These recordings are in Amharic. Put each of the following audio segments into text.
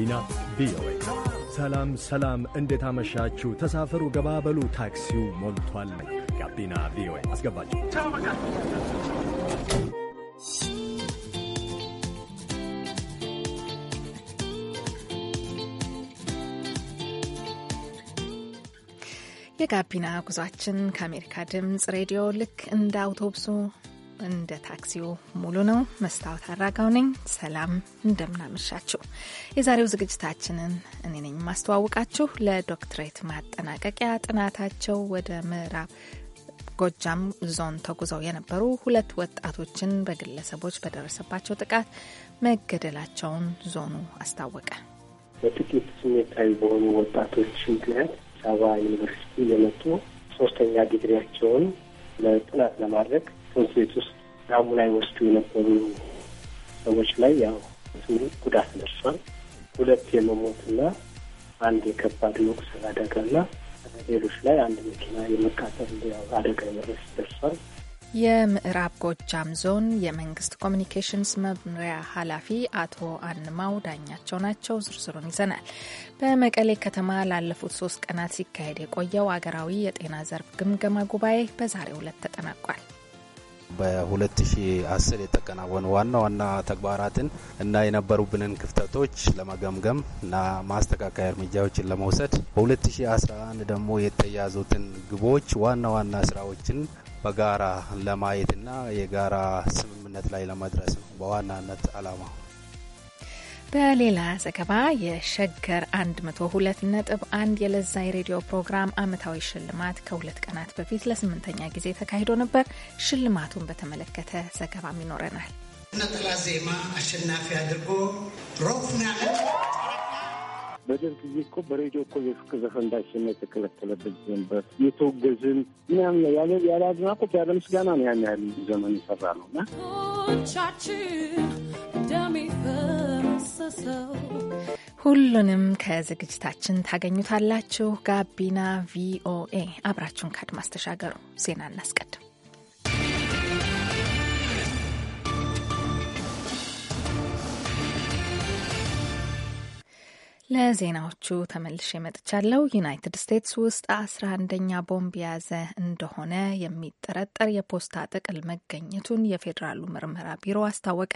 ጋቢና ቪኦኤ። ሰላም ሰላም፣ እንዴት አመሻችሁ? ተሳፈሩ፣ ገባበሉ፣ ታክሲው ሞልቷል። ጋቢና ቪኦኤ አስገባችሁ። የጋቢና ጉዟችን ከአሜሪካ ድምፅ ሬዲዮ ልክ እንደ አውቶቡሱ እንደ ታክሲው ሙሉ ነው። መስታወት አራጋው ነኝ። ሰላም እንደምናመሻችሁ። የዛሬው ዝግጅታችንን እኔ ነኝ የማስተዋውቃችሁ። ለዶክትሬት ማጠናቀቂያ ጥናታቸው ወደ ምዕራብ ጎጃም ዞን ተጉዘው የነበሩ ሁለት ወጣቶችን በግለሰቦች በደረሰባቸው ጥቃት መገደላቸውን ዞኑ አስታወቀ። በጥቂት ስሜታዊ በሆኑ ወጣቶች ምክንያት ሰባ ዩኒቨርሲቲ የመጡ ሶስተኛ ዲግሪያቸውን ለጥናት ለማድረግ ትምህርት ቤት ውስጥ ራሙ ላይ ወስዱ የነበሩ ሰዎች ላይ ያው ጉዳት ደርሷል። ሁለት የመሞትና አንድ የከባድ መቁሰል አደጋና ሌሎች ላይ አንድ መኪና የመቃጠል አደጋ የመድረስ ደርሷል። የምዕራብ ጎጃም ዞን የመንግስት ኮሚኒኬሽንስ መምሪያ ኃላፊ አቶ አንማው ዳኛቸው ናቸው። ዝርዝሩን ይዘናል። በመቀሌ ከተማ ላለፉት ሶስት ቀናት ሲካሄድ የቆየው አገራዊ የጤና ዘርፍ ግምገማ ጉባኤ በዛሬው ዕለት ተጠናቋል። በ2010 የተከናወኑ ዋና ዋና ተግባራትን እና የነበሩብንን ክፍተቶች ለመገምገም እና ማስተካከያ እርምጃዎችን ለመውሰድ በ2011 ደግሞ የተያዙትን ግቦች ዋና ዋና ስራዎችን በጋራ ለማየትና የጋራ ስምምነት ላይ ለመድረስ ነው በዋናነት አላማ በሌላ ዘገባ የሸገር 102.1 የለዛ የሬዲዮ ፕሮግራም አመታዊ ሽልማት ከሁለት ቀናት በፊት ለስምንተኛ ጊዜ ተካሂዶ ነበር። ሽልማቱን በተመለከተ ዘገባም ይኖረናል። ነጠላ ዜማ አሸናፊ አድርጎ ሮፍና በደርግ ጊዜ እኮ በሬዲዮ እኮ የፍቅር ዘፈን እንዳይሰማ የተከለከለበት ነበር። የተወገዝን ምናምን ያለ ያለ አድናቆት ያለ ምስጋና ነው ያን ያህል ዘመን የሰራ ነው እና ቻችን ደሚፈ ሁሉንም ከዝግጅታችን ታገኙታላችሁ። ጋቢና ቪኦኤ አብራችሁን ከአድማስ ተሻገሩ። ዜና እናስቀድም። ለዜናዎቹ ተመልሼ መጥቻለሁ። ዩናይትድ ስቴትስ ውስጥ አስራ አንደኛ ቦምብ የያዘ እንደሆነ የሚጠረጠር የፖስታ ጥቅል መገኘቱን የፌዴራሉ ምርመራ ቢሮ አስታወቀ።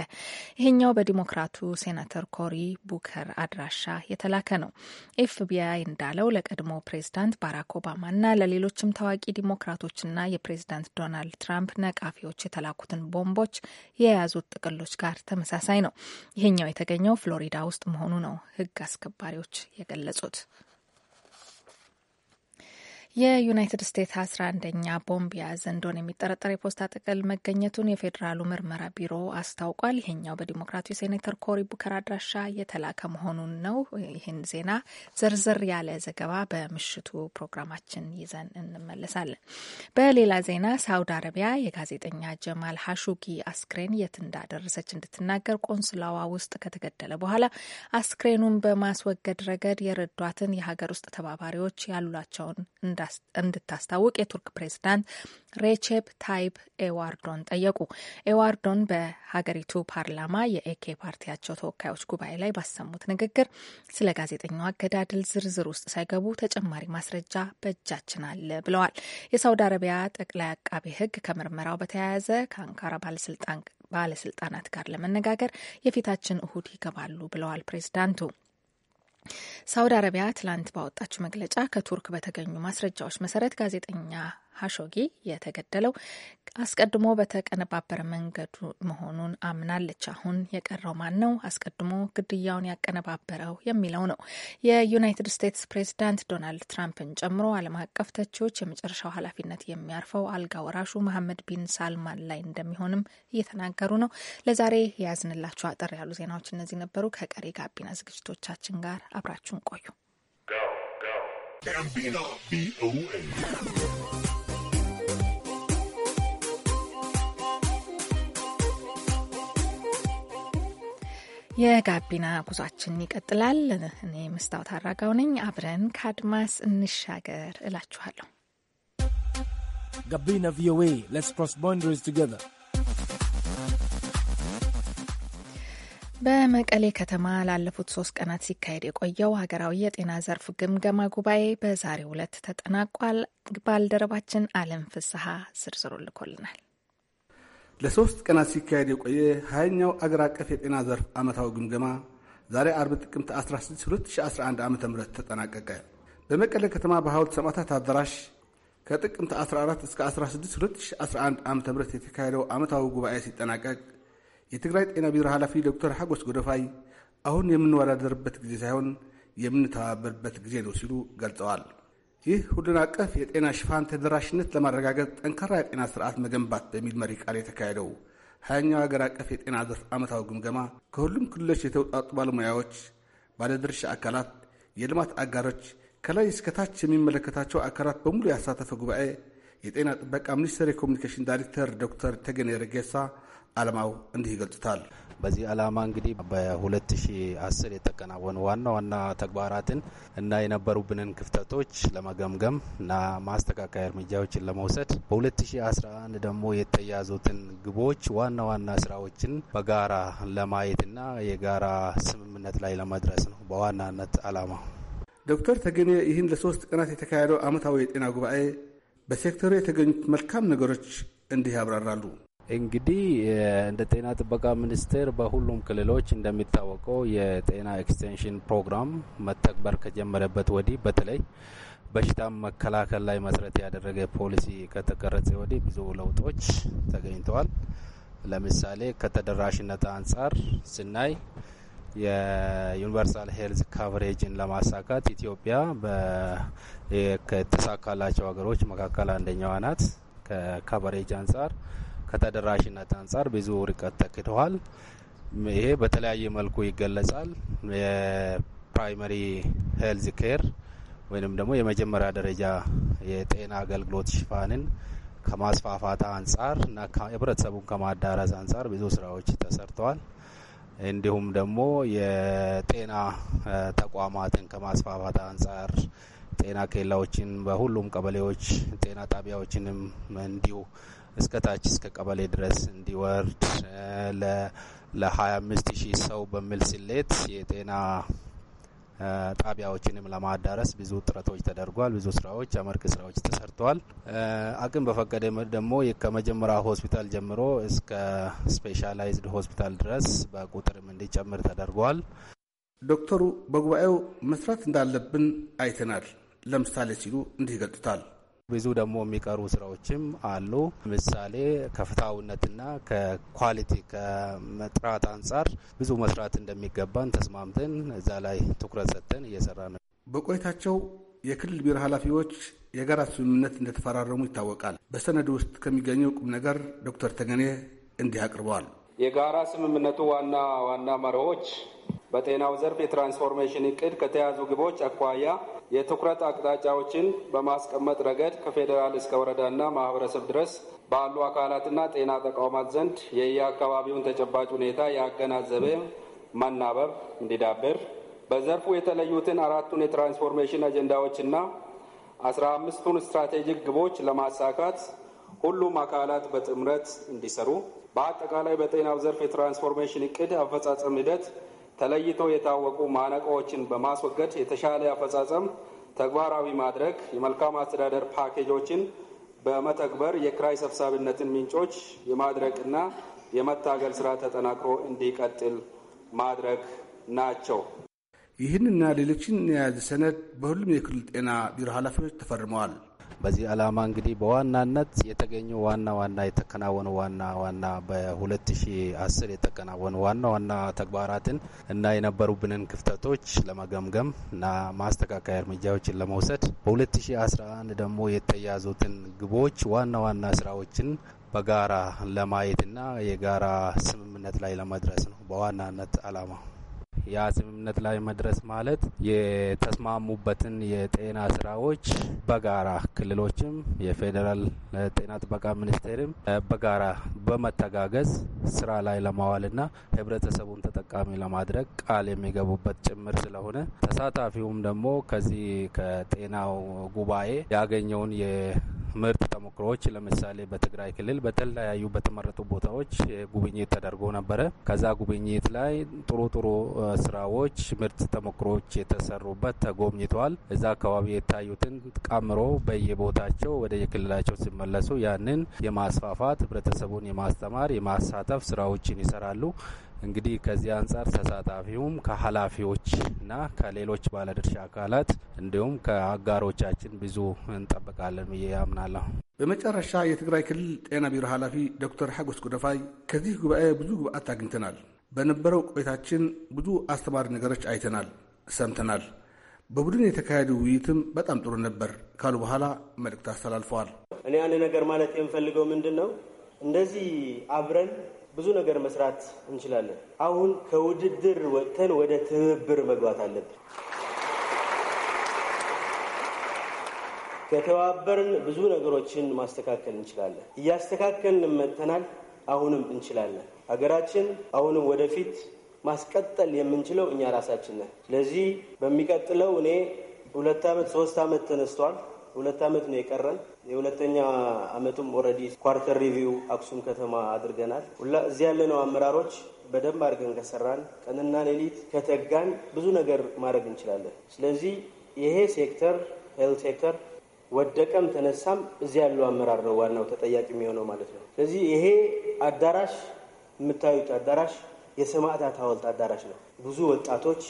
ይሄኛው በዲሞክራቱ ሴናተር ኮሪ ቡከር አድራሻ የተላከ ነው። ኤፍቢአይ እንዳለው ለቀድሞ ፕሬዚዳንት ባራክ ኦባማና ለሌሎችም ታዋቂ ዲሞክራቶችና የፕሬዚዳንት ዶናልድ ትራምፕ ነቃፊዎች የተላኩትን ቦምቦች የያዙት ጥቅሎች ጋር ተመሳሳይ ነው። ይሄኛው የተገኘው ፍሎሪዳ ውስጥ መሆኑ ነው ህግ አስከባሪ አማካሪዎች የገለጹት። የዩናይትድ ስቴትስ አስራ አንደኛ ቦምብ የያዘ እንደሆነ የሚጠረጠር የፖስታ ጥቅል መገኘቱን የፌዴራሉ ምርመራ ቢሮ አስታውቋል። ይሄኛው በዲሞክራቱ ሴኔተር ኮሪ ቡከር አድራሻ የተላከ መሆኑን ነው። ይህን ዜና ዝርዝር ያለ ዘገባ በምሽቱ ፕሮግራማችን ይዘን እንመለሳለን። በሌላ ዜና ሳውዲ አረቢያ የጋዜጠኛ ጀማል ሀሹጊ አስክሬን የት እንዳደረሰች እንድትናገር ቆንስላዋ ውስጥ ከተገደለ በኋላ አስክሬኑን በማስወገድ ረገድ የረዷትን የሀገር ውስጥ ተባባሪዎች ያሏቸውን እንዳ እንድታስታውቅ የቱርክ ፕሬዚዳንት ሬቼፕ ታይፕ ኤዋርዶን ጠየቁ። ኤዋርዶን በሀገሪቱ ፓርላማ የኤኬ ፓርቲያቸው ተወካዮች ጉባኤ ላይ ባሰሙት ንግግር ስለ ጋዜጠኛው አገዳድል ዝርዝር ውስጥ ሳይገቡ ተጨማሪ ማስረጃ በእጃችን አለ ብለዋል። የሳውዲ አረቢያ ጠቅላይ አቃቤ ሕግ ከምርመራው በተያያዘ ከአንካራ ባለስልጣናት ጋር ለመነጋገር የፊታችን እሁድ ይገባሉ ብለዋል ፕሬዚዳንቱ። ሳውዲ አረቢያ ትላንት ባወጣችው መግለጫ ከቱርክ በተገኙ ማስረጃዎች መሰረት ጋዜጠኛ ሀሾጊ የተገደለው አስቀድሞ በተቀነባበረ መንገዱ መሆኑን አምናለች። አሁን የቀረው ማን ነው አስቀድሞ ግድያውን ያቀነባበረው የሚለው ነው። የዩናይትድ ስቴትስ ፕሬዚዳንት ዶናልድ ትራምፕን ጨምሮ ዓለም አቀፍ ተቺዎች የመጨረሻው ኃላፊነት የሚያርፈው አልጋ ወራሹ መሐመድ ቢን ሳልማን ላይ እንደሚሆንም እየተናገሩ ነው። ለዛሬ የያዝንላችሁ አጠር ያሉ ዜናዎች እነዚህ ነበሩ። ከቀሪ ጋቢና ዝግጅቶቻችን ጋር አብራችሁን ቆዩ። B-O-A. የጋቢና ጉዟችን ይቀጥላል። እኔ መስታወት አራጋው ነኝ። አብረን ከአድማስ እንሻገር እላችኋለሁ። ጋቢና ቪኦኤ ሌትስ ክሮስ ቦንደሪስ ቱጌዘር በመቀሌ ከተማ ላለፉት ሶስት ቀናት ሲካሄድ የቆየው ሀገራዊ የጤና ዘርፍ ግምገማ ጉባኤ በዛሬው ዕለት ተጠናቋል። ባልደረባችን አለም ፍስሀ ዝርዝሩ ልኮልናል። ለሶስት ቀናት ሲካሄድ የቆየ ሀያኛው አገር አቀፍ የጤና ዘርፍ ዓመታዊ ግምገማ ዛሬ አርብ ጥቅምት 16 2011 ዓ ም ተጠናቀቀ። በመቀለ ከተማ በሐውልት ሰማዕታት አዳራሽ ከጥቅምት 14 እስከ 16 2011 ዓ ም የተካሄደው ዓመታዊ ጉባኤ ሲጠናቀቅ የትግራይ ጤና ቢሮ ኃላፊ ዶክተር ሐጎስ ጎደፋይ አሁን የምንወዳደርበት ጊዜ ሳይሆን የምንተባበርበት ጊዜ ነው ሲሉ ገልጸዋል። ይህ ሁሉን አቀፍ የጤና ሽፋን ተደራሽነት ለማረጋገጥ ጠንካራ የጤና ስርዓት መገንባት በሚል መሪ ቃል የተካሄደው ሀያኛው ሀገር አቀፍ የጤና ዘርፍ ዓመታዊ ግምገማ ከሁሉም ክልሎች የተውጣጡ ባለሙያዎች፣ ባለድርሻ አካላት፣ የልማት አጋሮች ከላይ እስከታች የሚመለከታቸው አካላት በሙሉ ያሳተፈ ጉባኤ የጤና ጥበቃ ሚኒስቴር የኮሚኒኬሽን ዳይሬክተር ዶክተር ተገኔ ረጌሳ አለማው እንዲህ ይገልጹታል። በዚህ ዓላማ እንግዲህ በ2010 የተከናወኑ ዋና ዋና ተግባራትን እና የነበሩብንን ክፍተቶች ለመገምገም እና ማስተካከያ እርምጃዎችን ለመውሰድ በ2011 ደግሞ የተያዙትን ግቦች ዋና ዋና ስራዎችን በጋራ ለማየትና የጋራ ስምምነት ላይ ለመድረስ ነው በዋናነት ዓላማ። ዶክተር ተገኘ ይህን ለሶስት ቀናት የተካሄደው ዓመታዊ የጤና ጉባኤ በሴክተሩ የተገኙት መልካም ነገሮች እንዲህ ያብራራሉ። እንግዲህ እንደ ጤና ጥበቃ ሚኒስቴር በሁሉም ክልሎች እንደሚታወቀው የጤና ኤክስቴንሽን ፕሮግራም መተግበር ከጀመረበት ወዲህ በተለይ በሽታም መከላከል ላይ መሰረት ያደረገ ፖሊሲ ከተቀረጸ ወዲህ ብዙ ለውጦች ተገኝተዋል። ለምሳሌ ከተደራሽነት አንጻር ስናይ የዩኒቨርሳል ሄልዝ ካቨሬጅን ለማሳካት ኢትዮጵያ ከተሳካላቸው ሀገሮች መካከል አንደኛዋ ናት። ከካቨሬጅ አንጻር ከተደራሽነት አንጻር ብዙ ርቀት ተክተዋል። ይሄ በተለያየ መልኩ ይገለጻል። የፕራይመሪ ሄልዝ ኬር ወይንም ደግሞ የመጀመሪያ ደረጃ የጤና አገልግሎት ሽፋንን ከማስፋፋት አንጻር እና ህብረተሰቡን ከማዳረስ አንጻር ብዙ ስራዎች ተሰርተዋል። እንዲሁም ደግሞ የጤና ተቋማትን ከማስፋፋት አንጻር ጤና ኬላዎችን በሁሉም ቀበሌዎች ጤና ጣቢያዎችንም እንዲሁ እስከ ታች እስከ ቀበሌ ድረስ እንዲወርድ ለ25 ሺህ ሰው በሚል ስሌት የጤና ጣቢያዎችንም ለማዳረስ ብዙ ጥረቶች ተደርጓል። ብዙ ስራዎች አመርቅ ስራዎች ተሰርተዋል። አቅም በፈቀደ ደግሞ ከመጀመሪያ ሆስፒታል ጀምሮ እስከ ስፔሻላይዝድ ሆስፒታል ድረስ በቁጥርም እንዲጨምር ተደርጓል። ዶክተሩ በጉባኤው መስራት እንዳለብን አይተናል ለምሳሌ ሲሉ እንዲህ ይገልጡታል። ብዙ ደግሞ የሚቀሩ ስራዎችም አሉ። ምሳሌ ከፍትሐዊነትና ከኳሊቲ ከመጥራት አንጻር ብዙ መስራት እንደሚገባን ተስማምተን እዛ ላይ ትኩረት ሰጥተን እየሰራ ነው። በቆይታቸው የክልል ቢሮ ኃላፊዎች የጋራ ስምምነት እንደተፈራረሙ ይታወቃል። በሰነድ ውስጥ ከሚገኘው ቁም ነገር ዶክተር ተገኔ እንዲህ አቅርበዋል። የጋራ ስምምነቱ ዋና ዋና መርሆች በጤናው ዘርፍ የትራንስፎርሜሽን እቅድ ከተያዙ ግቦች አኳያ የትኩረት አቅጣጫዎችን በማስቀመጥ ረገድ ከፌዴራል እስከ ወረዳና ማህበረሰብ ድረስ ባሉ አካላትና ጤና ተቋማት ዘንድ የየአካባቢውን ተጨባጭ ሁኔታ ያገናዘበ መናበብ እንዲዳብር በዘርፉ የተለዩትን አራቱን የትራንስፎርሜሽን አጀንዳዎችና አስራ አምስቱን ስትራቴጂክ ግቦች ለማሳካት ሁሉም አካላት በጥምረት እንዲሰሩ፣ በአጠቃላይ በጤናው ዘርፍ የትራንስፎርሜሽን እቅድ አፈጻጸም ሂደት ተለይተው የታወቁ ማነቆዎችን በማስወገድ የተሻለ አፈጻጸም ተግባራዊ ማድረግ፣ የመልካም አስተዳደር ፓኬጆችን በመተግበር የክራይ ሰብሳቢነትን ምንጮች የማድረቅና የመታገል ስራ ተጠናክሮ እንዲቀጥል ማድረግ ናቸው። ይህንና ሌሎችን የያዘ ሰነድ በሁሉም የክልል ጤና ቢሮ ኃላፊዎች ተፈርመዋል። በዚህ አላማ እንግዲህ በዋናነት የተገኙ ዋና ዋና የተከናወኑ ዋና ዋና በ2010 የተከናወኑ ዋና ዋና ተግባራትን እና የነበሩብንን ክፍተቶች ለመገምገም እና ማስተካከያ እርምጃዎችን ለመውሰድ በ2011 ደግሞ የተያዙትን ግቦች ዋና ዋና ስራዎችን በጋራ ለማየትና የጋራ ስምምነት ላይ ለመድረስ ነው በዋናነት አላማ ያ ስምምነት ላይ መድረስ ማለት የተስማሙበትን የጤና ስራዎች በጋራ ክልሎችም የፌዴራል ጤና ጥበቃ ሚኒስቴርም በጋራ በመተጋገዝ ስራ ላይ ለማዋልና ህብረተሰቡን ተጠቃሚ ለማድረግ ቃል የሚገቡበት ጭምር ስለሆነ ተሳታፊውም ደግሞ ከዚህ ከጤናው ጉባኤ ያገኘውን የምርት ተሞክሮዎች ለምሳሌ በትግራይ ክልል በተለያዩ በተመረጡ ቦታዎች ጉብኝት ተደርጎ ነበረ። ከዛ ጉብኝት ላይ ጥሩ ጥሩ ስራዎች፣ ምርት ተሞክሮዎች የተሰሩበት ተጎብኝተዋል። እዛ አካባቢ የታዩትን ቀምሮ በየቦታቸው ወደ የክልላቸው ሲመለሱ ያንን የማስፋፋት ህብረተሰቡን የማስተማር የማሳተፍ ስራዎችን ይሰራሉ። እንግዲህ ከዚህ አንጻር ተሳታፊውም ከኃላፊዎች እና ከሌሎች ባለድርሻ አካላት እንዲሁም ከአጋሮቻችን ብዙ እንጠብቃለን ብዬ ያምናለሁ። በመጨረሻ የትግራይ ክልል ጤና ቢሮ ኃላፊ ዶክተር ሐጎስ ጉደፋይ ከዚህ ጉባኤ ብዙ ግብአት አግኝተናል በነበረው ቆይታችን ብዙ አስተማሪ ነገሮች አይተናል፣ ሰምተናል። በቡድን የተካሄደ ውይይትም በጣም ጥሩ ነበር ካሉ በኋላ መልእክት አስተላልፈዋል። እኔ አንድ ነገር ማለት የምፈልገው ምንድን ነው፣ እንደዚህ አብረን ብዙ ነገር መስራት እንችላለን። አሁን ከውድድር ወጥተን ወደ ትብብር መግባት አለብን። ከተባበርን ብዙ ነገሮችን ማስተካከል እንችላለን። እያስተካከልን መጥተናል። አሁንም እንችላለን። ሀገራችን አሁንም ወደፊት ማስቀጠል የምንችለው እኛ ራሳችን ነን። ስለዚህ በሚቀጥለው እኔ ሁለት ዓመት ሶስት ዓመት ተነስቷል። ሁለት ዓመት ነው የቀረን። የሁለተኛ ዓመቱም ኦልሬዲ ኳርተር ሪቪው አክሱም ከተማ አድርገናል። ሁላ እዚህ ያለነው አመራሮች በደንብ አድርገን ከሰራን፣ ቀንና ሌሊት ከተጋን ብዙ ነገር ማድረግ እንችላለን። ስለዚህ ይሄ ሴክተር ሄልት ሴክተር ወደቀም ተነሳም እዚህ ያለው አመራር ነው ዋናው ተጠያቂ የሚሆነው ማለት ነው። ስለዚህ ይሄ አዳራሽ የምታዩት አዳራሽ የሰማዕታት ሐውልት አዳራሽ ነው። ብዙ ወጣቶች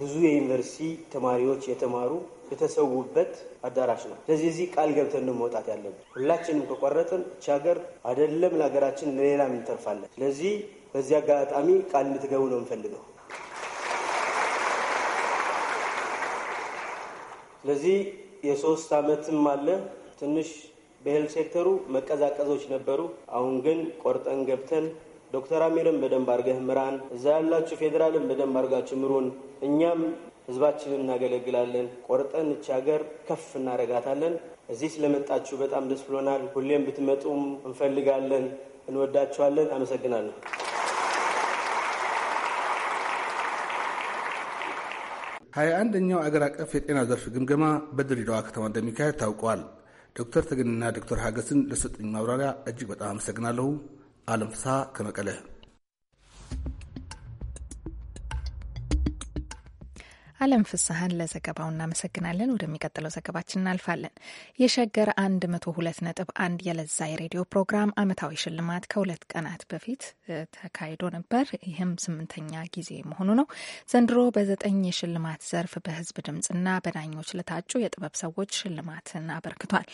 ብዙ የዩኒቨርሲቲ ተማሪዎች የተማሩ የተሰዉበት አዳራሽ ነው። ስለዚህ እዚህ ቃል ገብተን ነው መውጣት ያለብን። ሁላችንም ከቆረጥን እች ሀገር አይደለም ለሀገራችን ለሌላም እንተርፋለን። ስለዚህ በዚህ አጋጣሚ ቃል እንድትገቡ ነው የምፈልገው። ስለዚህ የሶስት ዓመትም አለ ትንሽ በሄልት ሴክተሩ መቀዛቀዞች ነበሩ። አሁን ግን ቆርጠን ገብተን ዶክተር አሚርም በደንብ አርገህ ምራን፣ እዛ ያላችሁ ፌዴራልን በደንብ አርጋችሁ ምሩን። እኛም ህዝባችንን እናገለግላለን። ቆርጠን እች ሀገር ከፍ እናረጋታለን። እዚህ ስለመጣችሁ በጣም ደስ ብሎናል። ሁሌም ብትመጡም እንፈልጋለን። እንወዳችኋለን። አመሰግናለሁ። ሀያ አንደኛው አገር አቀፍ የጤና ዘርፍ ግምገማ በድሬዳዋ ከተማ እንደሚካሄድ ታውቋል። ዶክተር ተገኝና ዶክተር ሀገስን ለሰጡኝ ማብራሪያ እጅግ በጣም አመሰግናለሁ። አለም ፍስሐ ከመቀለ አለም ፍስሀን ለዘገባው እናመሰግናለን። ወደሚቀጥለው ዘገባችን እናልፋለን። የሸገር 102 ነጥብ የለዛ የሬዲዮ ፕሮግራም አመታዊ ሽልማት ከሁለት ቀናት በፊት ተካሂዶ ነበር። ይህም ስምንተኛ ጊዜ መሆኑ ነው። ዘንድሮ በዘጠኝ የሽልማት ዘርፍ በህዝብ ድምፅና በዳኞች ለታጩ የጥበብ ሰዎች ሽልማትን አበርክቷል።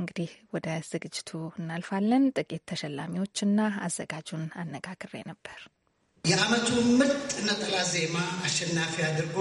እንግዲህ ወደ ዝግጅቱ እናልፋለን። ጥቂት ተሸላሚዎችና አዘጋጁን አነጋግሬ ነበር። የአመቱ ምርጥ ነጠላ ዜማ አሸናፊ አድርጎ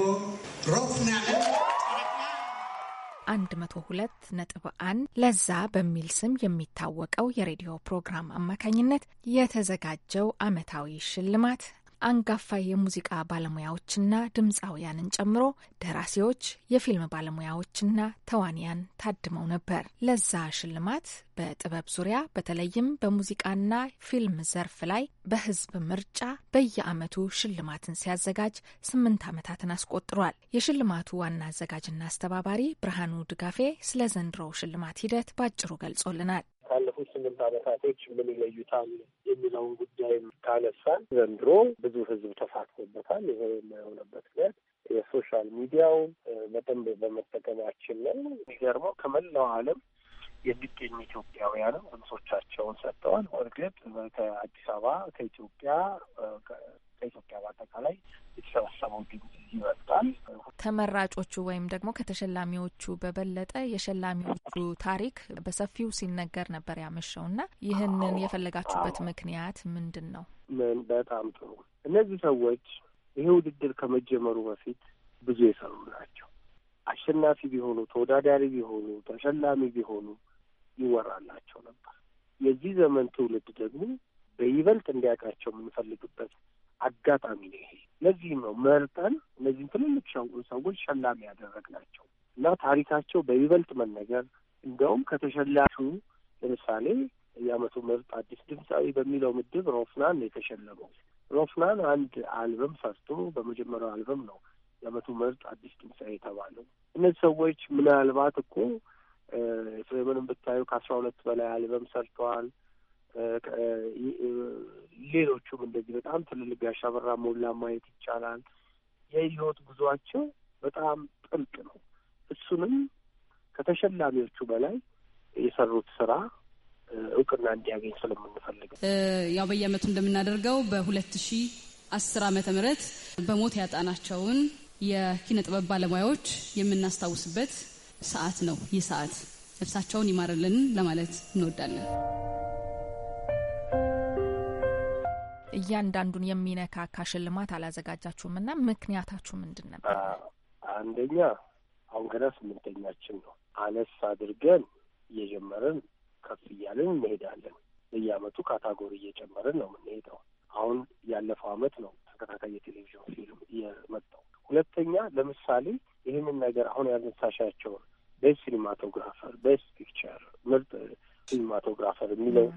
ነጥብ አንድ ለዛ በሚል ስም የሚታወቀው የሬዲዮ ፕሮግራም አማካኝነት የተዘጋጀው አመታዊ ሽልማት አንጋፋ የሙዚቃ ባለሙያዎችና ድምፃውያንን ጨምሮ ደራሲዎች፣ የፊልም ባለሙያዎችና ተዋንያን ታድመው ነበር። ለዛ ሽልማት በጥበብ ዙሪያ በተለይም በሙዚቃና ፊልም ዘርፍ ላይ በሕዝብ ምርጫ በየዓመቱ ሽልማትን ሲያዘጋጅ ስምንት ዓመታትን አስቆጥሯል። የሽልማቱ ዋና አዘጋጅና አስተባባሪ ብርሃኑ ድጋፌ ስለ ዘንድሮው ሽልማት ሂደት ባጭሩ ገልጾልናል። ስምንት አመታቶች ምን ይለዩታል የሚለውን ጉዳይ ካነሳን ዘንድሮ ብዙ ህዝብ ተሳትፎበታል። ይሄ የማይሆነበት ምክንያት የሶሻል ሚዲያው በደንብ በመጠቀማችን ነው። የሚገርመው ከመላው ዓለም የሚገኙ ኢትዮጵያውያንም ድምጾቻቸውን ሰጥተዋል። እርግጥ ከአዲስ አበባ ከኢትዮጵያ ከኢትዮጵያ በአጠቃላይ የተሰበሰበው ድምጽ ይበልጣል። ተመራጮቹ ወይም ደግሞ ከተሸላሚዎቹ በበለጠ የሸላሚዎቹ ታሪክ በሰፊው ሲነገር ነበር እና ይህንን የፈለጋችሁበት ምክንያት ምንድን ነው? ምን በጣም ጥሩ። እነዚህ ሰዎች ይሄ ውድድር ከመጀመሩ በፊት ብዙ የሰሩ ናቸው። አሸናፊ ቢሆኑ፣ ተወዳዳሪ ቢሆኑ፣ ተሸላሚ ቢሆኑ ይወራላቸው ነበር። የዚህ ዘመን ትውልድ ደግሞ በይበልጥ እንዲያውቃቸው የምንፈልግበት አጋጣሚ ነው ይሄ። ለዚህም ነው መርጠን እነዚህም ትልልቅ ሰዎች ሸላሚ ያደረግናቸው እና ታሪካቸው በይበልጥ መነገር እንደውም ከተሸላሹ ለምሳሌ የአመቱ ምርጥ አዲስ ድምፃዊ በሚለው ምድብ ሮፍናን የተሸለመው። ሮፍናን አንድ አልበም ሰርቶ በመጀመሪያው አልበም ነው የአመቱ ምርጥ አዲስ ድምፃዊ የተባለው። እነዚህ ሰዎች ምናልባት እኮ ኤፍሬምንም ብታዩ ከአስራ ሁለት በላይ አልበም ሰርተዋል። ሌሎቹም እንደዚህ በጣም ትልልቅ ጋሽ ሞላ ማየት ይቻላል። የህይወት ጉዟቸው በጣም ጥልቅ ነው። እሱንም ከተሸላሚዎቹ በላይ የሰሩት ስራ እውቅና እንዲያገኝ ስለምንፈልግ ያው በየአመቱ እንደምናደርገው በሁለት ሺ አስር አመተ ምህረት በሞት ያጣናቸውን የኪነ ጥበብ ባለሙያዎች የምናስታውስበት ሰዓት ነው። ይህ ሰዓት ነፍሳቸውን ይማርልን ለማለት እንወዳለን። እያንዳንዱን የሚነካካ ሽልማት አላዘጋጃችሁም እና ምክንያታችሁ ምንድን ነበር? አንደኛ አሁን ገና ስምንተኛችን ነው። አነስ አድርገን እየጀመርን ከፍ እያለን እንሄዳለን። በየአመቱ ካታጎሪ እየጨመርን ነው የምንሄደው። አሁን ያለፈው አመት ነው ተከታታይ የቴሌቪዥን ፊልም የመጣው። ሁለተኛ ለምሳሌ ይህንን ነገር አሁን ያነሳሻቸውን ቤስት ሲኒማቶግራፈር፣ ቤስት ፒክቸር፣ ምርጥ ሲኒማቶግራፈር የሚለው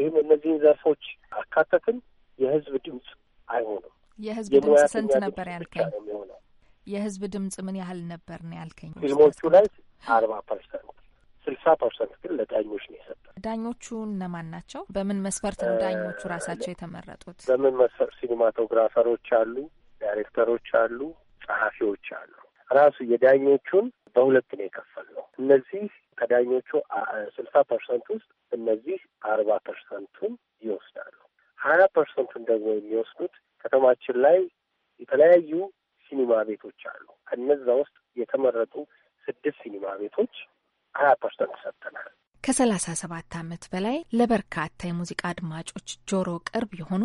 ይህም እነዚህን ዘርፎች አካተትን። የህዝብ ድምጽ አይሆንም። የህዝብ ድምፅ ስንት ነበር ያልከኝ? የህዝብ ድምፅ ምን ያህል ነበር ነው ያልከኝ? ፊልሞቹ ላይ አርባ ፐርሰንት፣ ስልሳ ፐርሰንት ግን ለዳኞች ነው የሰጠ። ዳኞቹ እነማን ናቸው? በምን መስፈርት ነው ዳኞቹ ራሳቸው የተመረጡት? በምን መስፈርት? ሲኒማቶግራፈሮች አሉ፣ ዳይሬክተሮች አሉ፣ ጸሐፊዎች አሉ። ራሱ የዳኞቹን በሁለት ነው ነው። እነዚህ ከዳኞቹ ስልሳ ፐርሰንት ውስጥ እነዚህ አርባ ፐርሰንቱን ይወስዳሉ። ሀያ ፐርሰንቱን ደግሞ የሚወስዱት ከተማችን ላይ የተለያዩ ሲኒማ ቤቶች አሉ። ከነዛ ውስጥ የተመረጡ ስድስት ሲኒማ ቤቶች ሀያ ፐርሰንት ሰጥተናል። ከሰላሳ ሰባት ዓመት በላይ ለበርካታ የሙዚቃ አድማጮች ጆሮ ቅርብ የሆኑ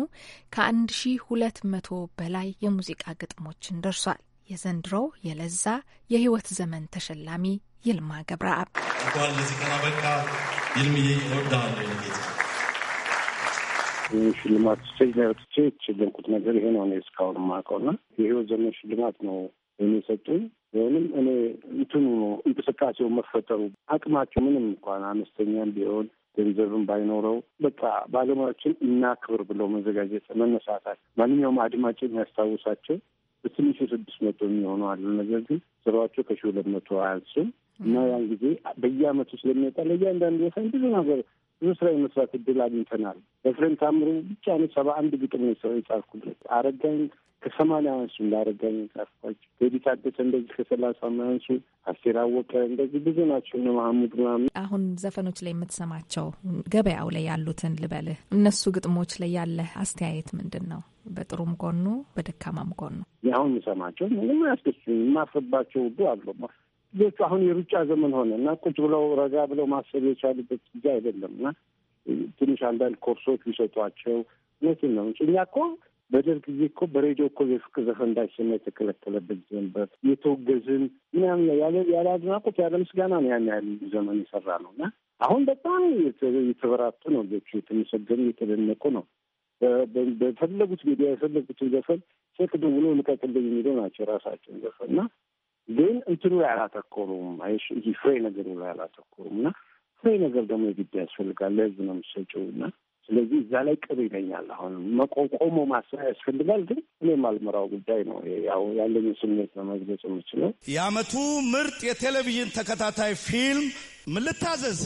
ከአንድ ሺ ሁለት መቶ በላይ የሙዚቃ ግጥሞችን ደርሷል። የዘንድሮ የለዛ የህይወት ዘመን ተሸላሚ ይልማ ገብረአብ እንኳን ለዚህ ቀን አበቃ። ይልምዬ እወድሃለሁ። ሽልማት ስቴጅ ላይ ወጥቼ የተሸለምኩት ነገር ይሄ ነው። እኔ እስካሁን የማውቀው እና የህይወት ዘመን ሽልማት ነው የሚሰጡኝ ቢሆንም እኔ እንትኑ እንቅስቃሴው መፈጠሩ አቅማቸው ምንም እንኳን አነስተኛም ቢሆን ገንዘብም ባይኖረው በቃ ባለሙያዎችን እናክብር ብለው መዘጋጀት መነሳሳት ማንኛውም አድማጭ የሚያስታውሳቸው በትንሹ ስድስት መቶ የሚሆኑ አሉ። ነገር ግን ስራቸው ከሺ ሁለት መቶ አያንሱም እና ያን ጊዜ በየአመቱ ስለሚወጣ ለእያንዳንዱ ወሳኝ ብዙ ነገር ብዙ ስራ የመስራት እድል አግኝተናል። በፍሬም ታምሩ ብቻ ነው ሰባ አንድ ግጥም ነው ሰው የጻፍኩለት። አረጋኝ ከሰማንያ አንሱ ለአረጋኝ የጻፍኳቸው ገዲት አደሰ እንደዚህ ከሰላሳ ማያንሱ አስቴር አወቀ እንደዚህ ብዙ ናቸው። እነ መሐሙድ ምናምን አሁን ዘፈኖች ላይ የምትሰማቸው ገበያው ላይ ያሉትን ልበልህ፣ እነሱ ግጥሞች ላይ ያለህ አስተያየት ምንድን ነው? በጥሩም ጎኑ በደካማም ጎኑ አሁን የምሰማቸው ምንም አያስደሱም። የማፍርባቸው ሁሉ አሉ ልጆቹ አሁን የሩጫ ዘመን ሆነ እና ቁጭ ብለው ረጋ ብለው ማሰብ የቻሉበት ጊዜ አይደለም እና ትንሽ አንዳንድ ኮርሶች ቢሰጧቸው እውነትን ነው እንጂ እኛ እኮ በደርግ ጊዜ እኮ በሬዲዮ እኮ የፍቅር ዘፈን እንዳይሰማ የተከለከለበት ጊዜ ነበር። የተወገዝን ምናምን ያለ አድናቆት ያለ ምስጋና ነው ያን ያህል ዘመን የሰራ ነው እና አሁን በጣም የተበራጡ ነው ልጆቹ፣ የተመሰገኑ የተደነቁ ነው። በፈለጉት ሚዲያ የፈለጉትን ዘፈን ስልክ ደውሎ ልቀቅልኝ የሚለው ናቸው ራሳቸውን ዘፈን እና ግን እንትኑ ላይ አላተኮሩም። ይህ ፍሬ ነገሩ ላይ አላተኮሩም እና ፍሬ ነገር ደግሞ የግድ ያስፈልጋል። ለህዝብ ነው የምትሰጪው እና ስለዚህ እዛ ላይ ቅር ይለኛል። አሁን መቆቆሞ ማሰብ ያስፈልጋል። ግን እኔ አልመራው ጉዳይ ነው። ያው ያለኝ ስሜት ለመግለጽ የምችለው የአመቱ ምርጥ የቴሌቪዥን ተከታታይ ፊልም ምን ልታዘዝ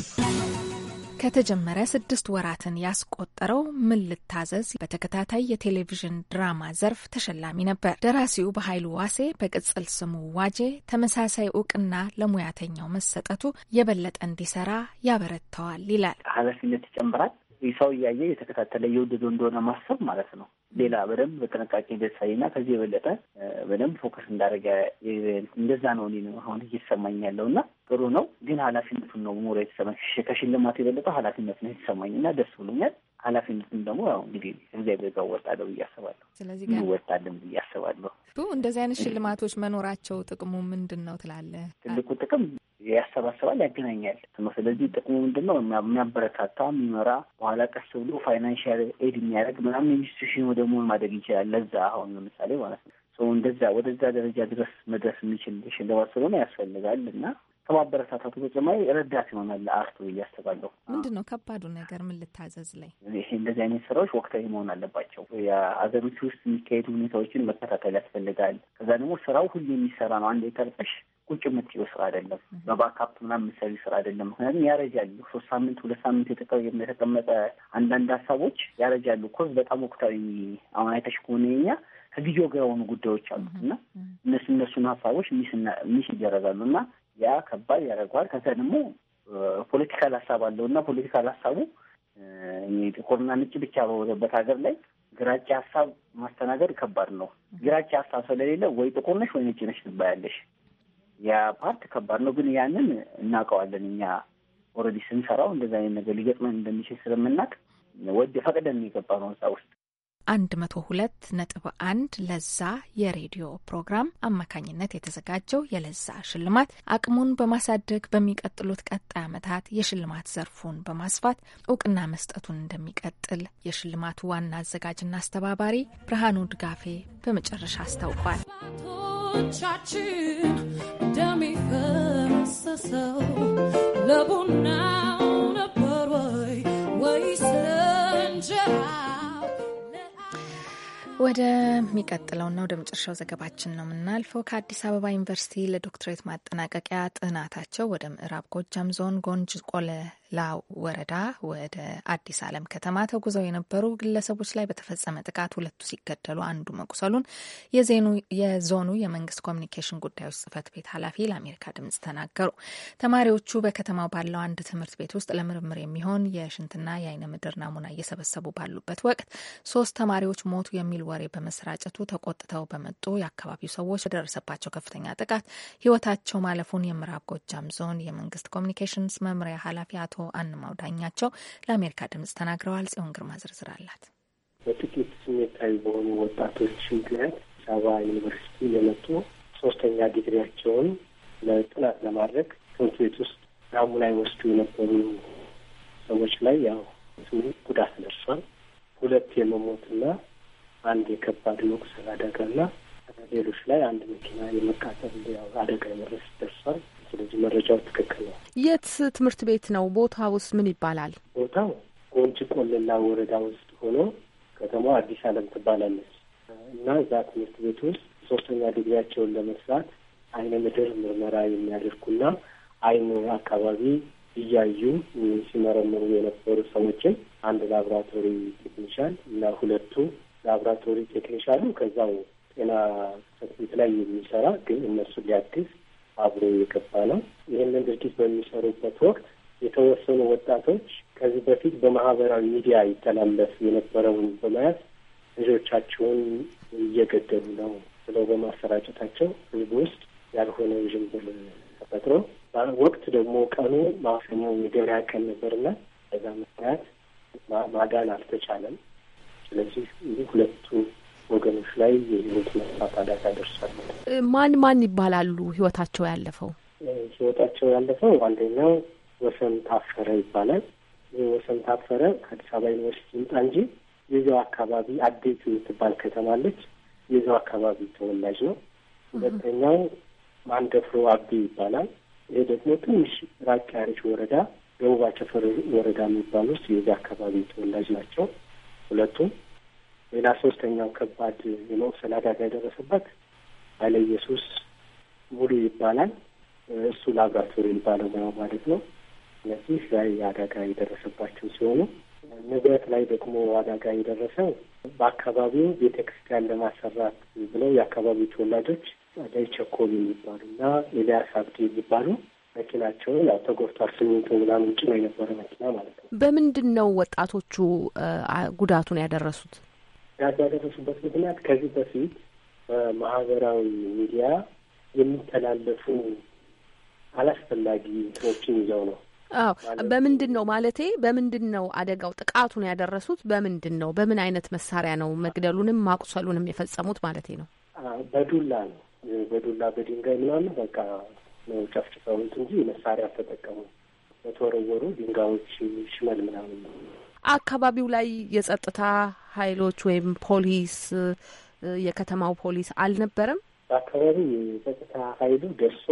ከተጀመረ ስድስት ወራትን ያስቆጠረው ምን ልታዘዝ በተከታታይ የቴሌቪዥን ድራማ ዘርፍ ተሸላሚ ነበር። ደራሲው በኃይሉ ዋሴ በቅጽል ስሙ ዋጄ ተመሳሳይ እውቅና ለሙያተኛው መሰጠቱ የበለጠ እንዲሰራ ያበረታዋል ይላል። ኃላፊነት ይጨምራል። ሰው እያየ የተከታተለ እየወደደው እንደሆነ ማሰብ ማለት ነው። ሌላ በደንብ በጥንቃቄ እንደተሳይና ከዚህ የበለጠ በደንብ ፎከስ እንዳደረገ እንደዛ ነው እኔ አሁን እየተሰማኝ ያለው እና ጥሩ ነው። ግን ኃላፊነቱን ነው ሞራ የተሰማኝ ከሽልማቱ የበለጠ ኃላፊነት ነው የተሰማኝ እና ደስ ብሎኛል። ኃላፊነትም ደግሞ ያው እንግዲህ እግዚአብሔር ጋር ወጣለሁ ብዬ አስባለሁ። ስለዚህ ጋር ብዬ አስባለሁ። እንደዚህ አይነት ሽልማቶች መኖራቸው ጥቅሙ ምንድን ነው ትላለህ? ትልቁ ጥቅም ያሰባስባል ያገናኛል። ስለዚህ ጥቅሙ ምንድን ነው? የሚያበረታታ የሚመራ፣ በኋላ ቀስ ብሎ ፋይናንሽል ኤድ የሚያደርግ ምናምን ኢንስቲቱሽን ደግሞ ማደግ ይችላል። ለዛ አሁን ለምሳሌ ማለት ነው እንደዛ ወደዛ ደረጃ ድረስ መድረስ የሚችል ሽልማት ስለሆነ ያስፈልጋል እና ከማበረታታቱ በተጨማሪ ረዳት ይሆናል ለአርቱ እያስተባለሁ። ምንድን ነው ከባዱ ነገር? ምን ልታዘዝ ላይ ይሄ እንደዚህ አይነት ስራዎች ወቅታዊ መሆን አለባቸው። የአገሮች ውስጥ የሚካሄዱ ሁኔታዎችን መከታተል ያስፈልጋል። ከዛ ደግሞ ስራው ሁሉ የሚሰራ ነው። አንድ የቀርጠሽ ቁጭ የምትይው ስራ አይደለም። በባካፕ ምናምን የምትሰሪ ስራ አይደለም። ምክንያቱም ያረጃሉ። ሶስት ሳምንት፣ ሁለት ሳምንት የተቀመጠ አንዳንድ ሀሳቦች ያረጃሉ። ኮዝ በጣም ወቅታዊ አሁን አይተሽ ከሆነ የኛ ከጊዜው ጋር የሆኑ ጉዳዮች አሉት እና እነሱ እነሱን ሀሳቦች ሚስ ይደረጋሉ እና ያ ከባድ ያደርገዋል። ከዛ ደግሞ ፖለቲካል ሀሳብ አለው እና ፖለቲካል ሀሳቡ ጥቁርና ነጭ ብቻ በሆነበት ሀገር ላይ ግራጫ ሀሳብ ማስተናገድ ከባድ ነው። ግራጫ ሀሳብ ስለሌለ ወይ ጥቁር ነሽ ወይ ነጭ ነሽ ትባያለሽ። ያ ፓርት ከባድ ነው፣ ግን ያንን እናውቀዋለን እኛ ኦልሬዲ ስንሰራው እንደዛ አይነት ነገር ሊገጥመን እንደሚችል ስለምናውቅ ወደ ፈቅደን የገባ ነው እዛ ውስጥ 102 1 ለዛ የሬዲዮ ፕሮግራም አማካኝነት የተዘጋጀው የለዛ ሽልማት አቅሙን በማሳደግ በሚቀጥሉት ቀጣይ ዓመታት የሽልማት ዘርፉን በማስፋት እውቅና መስጠቱን እንደሚቀጥል የሽልማቱ ዋና አዘጋጅና አስተባባሪ ብርሃኑ ድጋፌ በመጨረሻ አስታውቋል። ቻችን የፈሰሰው ለቡናው ወደሚቀጥለውና ወደ መጨረሻው ዘገባችን ነው የምናልፈው። ከአዲስ አበባ ዩኒቨርሲቲ ለዶክትሬት ማጠናቀቂያ ጥናታቸው ወደ ምዕራብ ጎጃም ዞን ጎንጅ ቆለ ላው ወረዳ ወደ አዲስ ዓለም ከተማ ተጉዘው የነበሩ ግለሰቦች ላይ በተፈጸመ ጥቃት ሁለቱ ሲገደሉ አንዱ መቁሰሉን የዞኑ የመንግስት ኮሚኒኬሽን ጉዳዮች ጽህፈት ቤት ኃላፊ ለአሜሪካ ድምጽ ተናገሩ። ተማሪዎቹ በከተማው ባለው አንድ ትምህርት ቤት ውስጥ ለምርምር የሚሆን የሽንትና የአይነ ምድር ናሙና እየሰበሰቡ ባሉበት ወቅት ሶስት ተማሪዎች ሞቱ የሚል ወሬ በመሰራጨቱ ተቆጥተው በመጡ የአካባቢው ሰዎች በደረሰባቸው ከፍተኛ ጥቃት ህይወታቸው ማለፉን የምዕራብ ጎጃም ዞን የመንግስት ኮሚኒኬሽንስ መምሪያ ኃላፊ አቶ አቶ አንማው ዳኛቸው ለአሜሪካ ድምጽ ተናግረዋል። ጽዮን ግርማ ዝርዝር አላት። በጥቂት ስሜታዊ በሆኑ ወጣቶች ምክንያት ሰባ ዩኒቨርሲቲ የመጡ ሶስተኛ ዲግሪያቸውን ለጥናት ለማድረግ ትምህርት ቤት ውስጥ ራሙ ላይ ወስዱ የነበሩ ሰዎች ላይ ያው ስሜት ጉዳት ደርሷል። ሁለት የመሞትና አንድ የከባድ መቁሰል አደጋና ሌሎች ላይ አንድ መኪና የመቃጠል ያው አደጋ የመረስ ደርሷል። ስለዚህ መረጃው ትክክል ነው። የት ትምህርት ቤት ነው? ቦታ ውስጥ ምን ይባላል? ቦታው ጎንጅ ቆለላ ወረዳ ውስጥ ሆኖ ከተማ አዲስ ዓለም ትባላለች እና እዛ ትምህርት ቤት ውስጥ ሶስተኛ ዲግሪያቸውን ለመስራት አይነ ምድር ምርመራ የሚያደርጉና አይን አካባቢ እያዩ ሲመረምሩ የነበሩ ሰዎችን አንድ ላቦራቶሪ ቴክኒሻል እና ሁለቱ ላቦራቶሪ ቴክኒሻሉ ከዛው ጤና ሰት ላይ የሚሰራ ግን እነሱ ሊያግዝ አብሮ የገባ ነው። ይህንን ድርጊት በሚሰሩበት ወቅት የተወሰኑ ወጣቶች ከዚህ በፊት በማህበራዊ ሚዲያ ይተላለፍ የነበረውን በመያዝ ልጆቻቸውን እየገደሉ ነው ብለው በማሰራጨታቸው ህዝብ ውስጥ ያልሆነ ዥንብል ተፈጥሮ ወቅት ደግሞ ቀኑ ማክሰኞ የገበያ ቀን ነበርና በዛ ምክንያት ማዳን አልተቻለም። ስለዚህ ይህ ሁለቱ ወገኖች ላይ የህይወት መስፋት አደጋ ያደርሳሉ። ማን ማን ይባላሉ? ህይወታቸው ያለፈው ህይወታቸው ያለፈው አንደኛው ወሰን ታፈረ ይባላል። ይህ ወሰን ታፈረ ከአዲስ አበባ ዩኒቨርሲቲ ይምጣ እንጂ የዚያው አካባቢ አዴት የምትባል አለች፣ የዚያው አካባቢ ተወላጅ ነው። ሁለተኛው ማንደፍሮ አቤ ይባላል። ይሄ ደግሞ ትንሽ ራቅ ያለች ወረዳ ደቡብ አቸፈር ወረዳ የሚባል ውስጥ የዚህ አካባቢ ተወላጅ ናቸው። ሁለተኛው ከባድ የመቁሰል አደጋ የደረሰበት ኃይለ ኢየሱስ ሙሉ ይባላል። እሱ ላብራቶሪ ባለሙያ ማለት ነው። እነዚህ ላይ አደጋ የደረሰባቸው ሲሆኑ ንብረት ላይ ደግሞ አደጋ የደረሰው በአካባቢው ቤተ ክርስቲያን ለማሰራት ብለው የአካባቢው ተወላጆች ላይ ቸኮል የሚባሉ እና ኤልያስ አብዲ የሚባሉ መኪናቸውን ያው ተጎድቷል። ስሚንቶ ምናምን ጭኖ የነበረ መኪና ማለት ነው። በምንድን ነው ወጣቶቹ ጉዳቱን ያደረሱት? ያደረሱበት ምክንያት ከዚህ በፊት በማህበራዊ ሚዲያ የሚተላለፉ አላስፈላጊ ሰዎችን ይዘው ነው። አዎ በምንድን ነው ማለቴ፣ በምንድን ነው አደጋው ጥቃቱን ያደረሱት? በምንድን ነው በምን አይነት መሳሪያ ነው መግደሉንም ማቁሰሉንም የፈጸሙት ማለት ነው? በዱላ ነው። በዱላ በድንጋይ ምናምን በቃ ነው ጨፍጭፈውት እንጂ መሳሪያ አልተጠቀሙም። በተወረወሩ ድንጋዮች ሽመል ምናምን ነው አካባቢው ላይ የጸጥታ ኃይሎች ወይም ፖሊስ የከተማው ፖሊስ አልነበረም። በአካባቢ የጸጥታ ኃይሉ ደርሶ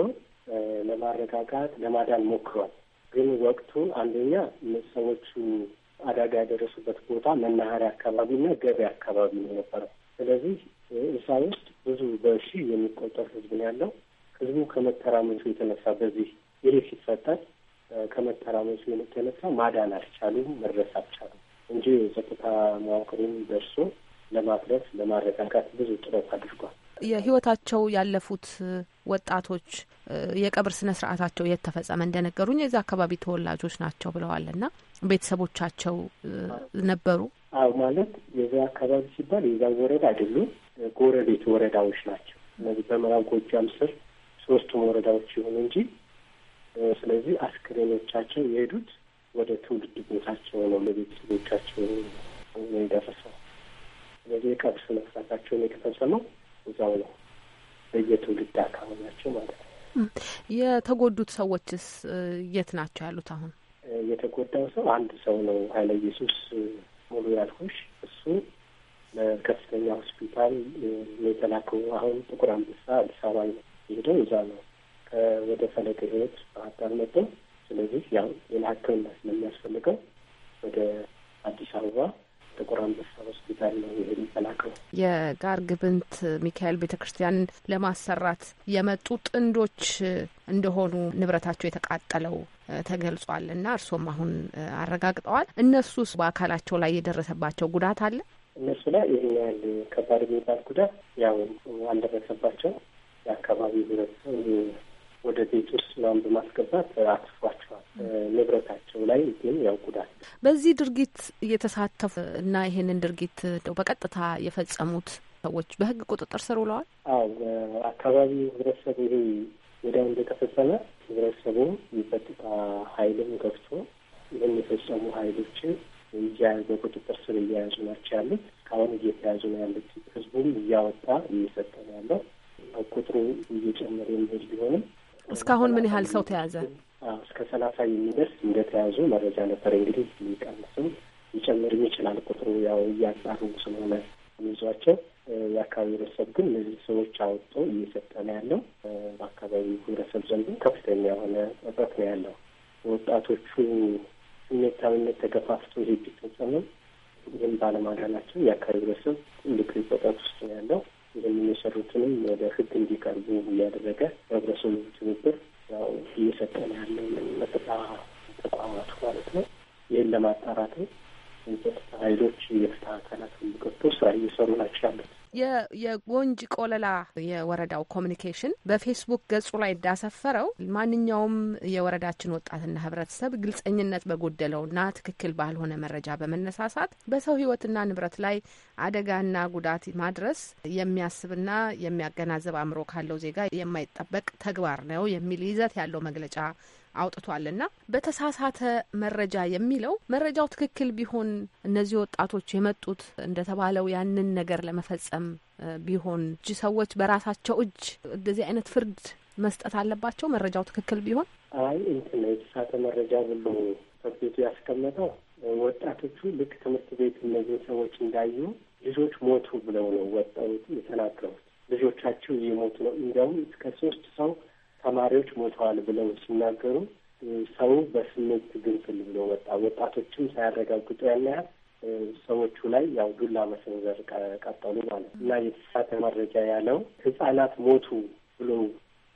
ለማረጋጋት ለማዳን ሞክሯል። ግን ወቅቱ አንደኛ ሰዎቹ አደጋ ያደረሱበት ቦታ መናኸሪያ አካባቢና ገበያ አካባቢ ነው የነበረው። ስለዚህ እዛ ውስጥ ብዙ በሺ የሚቆጠር ህዝብ ነው ያለው። ህዝቡ ከመተራመሱ የተነሳ በዚህ ይህ ሲፈጠር ከመተራመሱ የተነሳ ማዳን አልቻሉም፣ መድረስ አልቻሉም እንጂ የጸጥታ መዋቅሩን ደርሶ ለማትረፍ ለማረጋጋት ብዙ ጥረት አድርጓል። የህይወታቸው ያለፉት ወጣቶች የቀብር ስነ ስርዓታቸው የት ተፈጸመ እንደነገሩኝ የዚ አካባቢ ተወላጆች ናቸው ብለዋል። እና ቤተሰቦቻቸው ነበሩ። አዎ ማለት የዚ አካባቢ ሲባል የዛ ወረዳ አይደሉም፣ ጎረቤት ወረዳዎች ናቸው። እነዚህ በምዕራብ ጎጃም ስር ሶስቱም ወረዳዎች ይሁኑ እንጂ ስለዚህ አስክሬኖቻቸው የሄዱት ወደ ትውልድ ቦታቸው ነው፣ ለቤተሰቦቻቸው ነው የደረሰው። ስለዚህ የቀብር ስነ ስርዓታቸውን የተፈጸመው እዛው ነው፣ በየትውልድ አካባቢያቸው ማለት ነው። የተጎዱት ሰዎችስ የት ናቸው ያሉት? አሁን የተጎዳው ሰው አንድ ሰው ነው፣ ኃይለ ኢየሱስ ሙሉ ያልኩሽ እሱ ለከፍተኛ ሆስፒታል የተላከው አሁን ጥቁር አንበሳ አዲስ አበባ ሄደው እዛ ነው ወደ ፈለገ ህይወት ባህር ዳር መጥተው ስለዚህ ያው ሌላ ህክምና ስለሚያስፈልገው ወደ አዲስ አበባ ጥቁር አንበሳ ሆስፒታል ነው ይሄ ተላከው። የጋር ግብንት ሚካኤል ቤተ ክርስቲያንን ለማሰራት የመጡ ጥንዶች እንደሆኑ ንብረታቸው የተቃጠለው ተገልጿል እና እርሶም አሁን አረጋግጠዋል። እነሱስ በአካላቸው ላይ የደረሰባቸው ጉዳት አለ? እነሱ ላይ ይህን ያህል ከባድ የሚባል ጉዳት ያው አልደረሰባቸው። የአካባቢ ህብረተሰብ ወደ ቤት ውስጥ ምናምን በማስገባት አትፏቸዋል። ንብረታቸው ላይ ግን ያው ጉዳት በዚህ ድርጊት እየተሳተፉ እና ይህንን ድርጊት በቀጥታ የፈጸሙት ሰዎች በህግ ቁጥጥር ስር ውለዋል። አው አካባቢ ህብረተሰቡ ይሄ ወዲያው እንደተፈጸመ ህብረተሰቡ የጸጥታ ኃይልም ገብቶ ይህን የፈጸሙ ኃይሎችን እያያዙ በቁጥጥር ስር እያያዙ ናቸው ያሉት። እስካሁን እየተያዙ ነው ያሉት። ህዝቡም እያወጣ እየሰጠ ነው ያለው። ቁጥሩ እየጨመረ የሚሄድ ቢሆንም እስካሁን ምን ያህል ሰው ተያዘ? እስከ ሰላሳ የሚደርስ እንደተያዙ መረጃ ነበር። እንግዲህ የሚቀንስም ሊጨምርም ይችላል ቁጥሩ ያው እያጣሩ ስለሆነ የሚይዟቸው የአካባቢ ህብረተሰብ ግን እነዚህ ሰዎች አወጡ እየሰጠ ነው ያለው። በአካባቢ ህብረተሰብ ዘንድ ከፍተኛ የሆነ እጥረት ነው ያለው። ወጣቶቹ ስሜታዊነት ተገፋፍቶ ይሄ ቢፈጸምም ይህም ባለማዳናቸው የአካባቢ ህብረተሰብ ትልቅ ቁጠት ውስጥ ነው ያለው። የሚሰሩትንም ወደ ህግ እንዲቀርቡ እያደረገ ህብረተሰቡ ትብብር ያው እየሰጠን ያለውን ለፍታ ተቋማቱ ማለት ነው። ይህን ለማጣራትም የጸጥታ ኃይሎች የፍትህ አካላት ሁሉ ስራ እየሰሩ ናቸው ያሉት። የጎንጅ ቆለላ የወረዳው ኮሚኒኬሽን በፌስቡክ ገጹ ላይ እንዳሰፈረው ማንኛውም የወረዳችን ወጣትና ህብረተሰብ ግልጸኝነት በጎደለውና ትክክል ባልሆነ መረጃ በመነሳሳት በሰው ህይወትና ንብረት ላይ አደጋና ጉዳት ማድረስ የሚያስብና የሚያገናዘብ አእምሮ ካለው ዜጋ የማይጠበቅ ተግባር ነው የሚል ይዘት ያለው መግለጫ አውጥቷልና በተሳሳተ መረጃ የሚለው መረጃው ትክክል ቢሆን እነዚህ ወጣቶች የመጡት እንደተባለው ያንን ነገር ለመፈጸም ቢሆን እጅ ሰዎች በራሳቸው እጅ እንደዚህ አይነት ፍርድ መስጠት አለባቸው። መረጃው ትክክል ቢሆን አይ እንትን የተሳተ መረጃ ብሎ ፍርድ ቤቱ ያስቀመጠው ወጣቶቹ ልክ ትምህርት ቤት እነዚህ ሰዎች እንዳዩ ልጆች ሞቱ ብለው ነው ወጣው የተናገሩት። ልጆቻቸው እየሞቱ ነው። እንዲያውም እስከ ሶስት ሰው ተማሪዎች ሞተዋል ብለው ሲናገሩ ሰው በስሜት ግንፍል ብሎ ወጣ። ወጣቶችም ሳያረጋግጡ ያን ሰዎቹ ላይ ያው ዱላ መሰንዘር ቀጠሉ ማለት ነው እና የተሳተ መረጃ ያለው ህጻናት ሞቱ ብሎ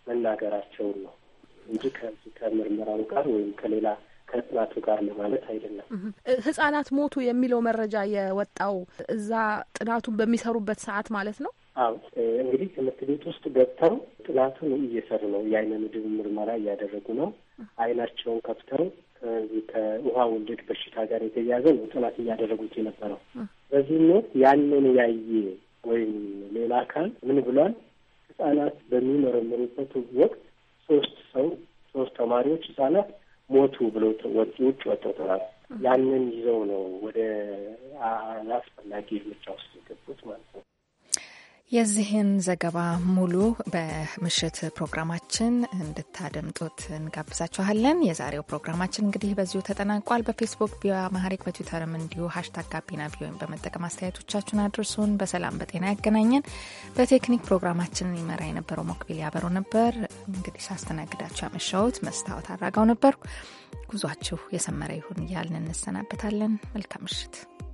መናገራቸውን ነው እንጂ ከምርመራው ጋር ወይም ከሌላ ከጥናቱ ጋር ለማለት አይደለም። ህጻናት ሞቱ የሚለው መረጃ የወጣው እዛ ጥናቱን በሚሰሩበት ሰዓት ማለት ነው። አዎ እንግዲህ ትምህርት ቤት ውስጥ ገብተው ጥናቱን እየሰሩ ነው። የአይነ ምድብ ምርመራ እያደረጉ ነው። አይናቸውን ከፍተው ከዚህ ከውሃ ወለድ በሽታ ጋር የተያያዘ ነው ጥናት እያደረጉት የነበረው። በዚህም ወቅት ያንን ያየ ወይም ሌላ አካል ምን ብሏል? ህጻናት በሚመረምሩበት ወቅት ሶስት ሰው ሶስት ተማሪዎች ህጻናት ሞቱ ብለው ውጭ ወጥተዋል። ያንን ይዘው ነው ወደ አላስፈላጊ እርምጃ ውስጥ የገቡት ማለት ነው። የዚህን ዘገባ ሙሉ በምሽት ፕሮግራማችን እንድታደምጡት እንጋብዛችኋለን። የዛሬው ፕሮግራማችን እንግዲህ በዚሁ ተጠናቋል። በፌስቡክ ቪኦኤ አማሪክ በትዊተርም እንዲሁ ሀሽታግ ጋቢና ቪኦኤን በመጠቀም አስተያየቶቻችሁን አድርሱን። በሰላም በጤና ያገናኘን። በቴክኒክ ፕሮግራማችንን ይመራ የነበረው ሞክቢል ያበሮ ነበር። እንግዲህ ሳስተናግዳችሁ ያመሻውት መስታወት አራጋው ነበር ጉዟችሁ የሰመረ ይሁን እያልን እንሰናበታለን። መልካም ምሽት።